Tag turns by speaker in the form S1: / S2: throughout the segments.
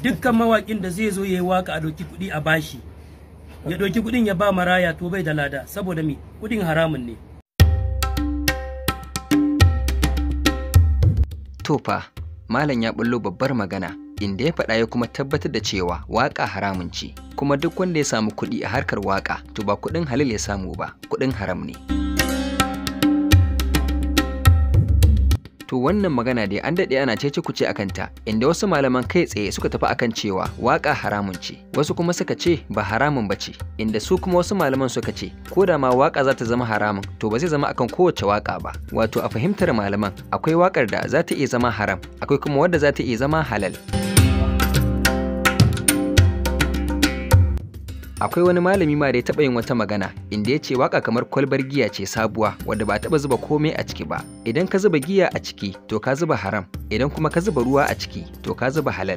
S1: dukkan mawakin da zai zo yayi waka a doki kuɗi a bashi ya doki kuɗin ya ba maraya to bai da lada saboda me kuɗin haramun ne
S2: tofa malam ya bullo babbar magana inda ya faɗa ya kuma tabbatar da cewa waƙa haramun ce kuma duk wanda ya samu kuɗi a harkar waƙa to ba kuɗin halil ya samu ba kuɗin haram ne. to wannan magana dai an daɗe ana cece kuce a kanta inda wasu malaman kai tsaye suka tafi akan cewa waƙa haramun ce wasu kuma suka ce ba haramun ba ce inda su kuma wasu malaman suka ce ko da ma waƙa za ta zama haramun to ba zai zama akan kowace waƙa ba wato a fahimtar malaman akwai waƙar da za ta iya zama haram akwai kuma wadda za ta iya zama halal. akwai wani malami ma da ya taɓa yin wata magana inda ya ce waka kamar kwalbar giya ce sabuwa wadda ba taɓa zuba komai a ciki ba idan ka zuba giya a ciki to ka zuba haram idan kuma ka zuba ruwa a ciki to ka zuba halal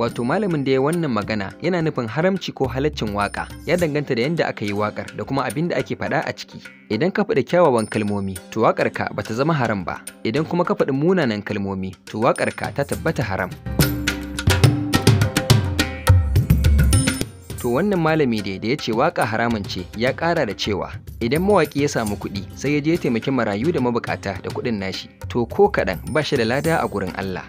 S2: wato malamin da ya wannan magana yana nufin haramci ko halaccin waka ya danganta da yadda aka yi wakar da kuma abin da ake faɗa a ciki idan ka faɗi kyawawan kalmomi to wakarka ka bata zama haram ba idan kuma ka faɗi munanan kalmomi to wakarka ta tabbata haram to wannan malami dai da ya ce waka haramun ce ya ƙara da cewa idan mawaƙi ya samu kuɗi sai ya je ya taimaki marayu da mabukata da kuɗin nashi to ko kaɗan ba shi da lada a gurin Allah.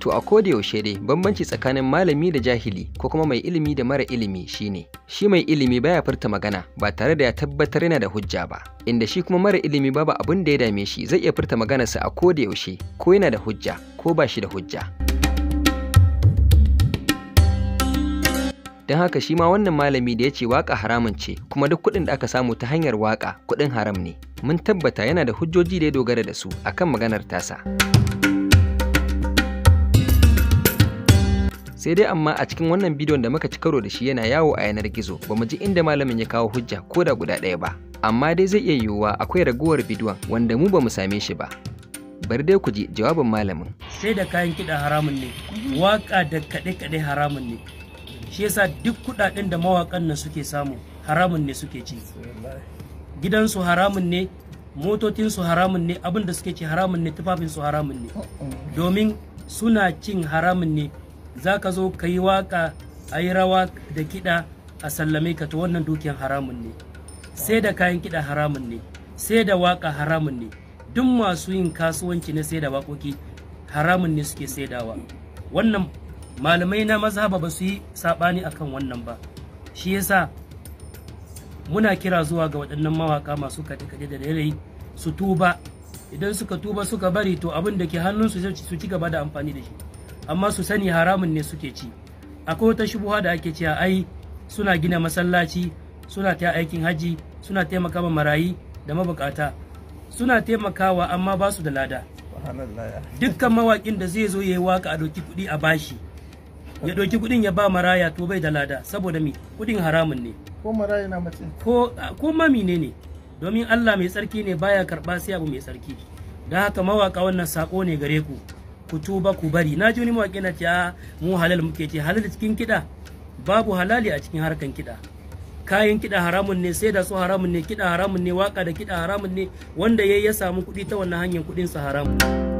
S2: To a koda yaushe dai bambanci tsakanin malami da jahili ko kuma mai ilimi da mara ilimi shine shi mai ilimi baya furta magana ba tare da ya tabbatar yana da hujja ba inda shi kuma mara ilimi babu abin da ya dame shi zai iya furta maganarsa a koda yaushe ko yana da hujja ko ba shi da hujja don haka shi ma wannan malami da ya ce waka haramun ce kuma duk kuɗin da aka samu ta hanyar waka kuɗin haram ne mun tabbata yana da hujjoji da ya dogara da su akan maganar tasa sai dai amma a cikin wannan bidiyon da muka ci karo da shi yana yawo a yanar gizo ba mu ji inda malamin ya kawo hujja ko da guda ɗaya ba amma dai zai iya yiwuwa akwai ragowar bidiyon wanda mu ba mu same shi ba bari dai ku ji jawabin malamin
S1: sai da kayan kiɗa haramun ne waƙa da kaɗe-kaɗe haramun ne shi yasa duk kudaden da mawakan nan suke samu haramun ne suke ci gidansu haramun ne motocinsu haramun ne abin da suke ci haramun ne tufafinsu haramun ne domin suna cin haramun ne za ka zo ka yi waka a yi rawa da kiɗa a sallame ka ta wannan dukiyar haramun ne sai da kayan kiɗa haramun ne sai da waka haramun ne duk masu yin kasuwanci na sai da waƙoƙi haramun ne suke saidawa wannan malamai na mazhaba ba su yi saɓani akan wannan ba shi yasa muna kira zuwa ga waɗannan mawaka masu kade-kade da yanayi su tuba idan suka tuba suka bari to abin da ke hannun su su ci gaba da amfani da shi amma su sani haramun ne suke ci akwai wata shubuha da ake cewa ai suna gina masallaci suna ta aikin haji suna taimaka ma marayi da mabukata suna taimakawa amma ba su da lada dukkan mawakin da zai zo yayi waka a doki kudi a bashi ya doki kudin ya ba maraya to bai da lada saboda mi kudin haramun ne ko maraya na mace ko ko mami ne ne domin Allah mai tsarki ne baya karba sai abu mai tsarki dan haka mawaka wannan sako ne gare ku ku tuba ku bari na ji wani mawaki na ce mu halal muke ce halal cikin kida babu halali a cikin harkan kida kayan kiɗa haramun ne sai da su haramun ne kiɗa haramun ne waka da kiɗa haramun ne wanda ya ya samu kuɗi ta wannan hanyar kuɗinsa haramun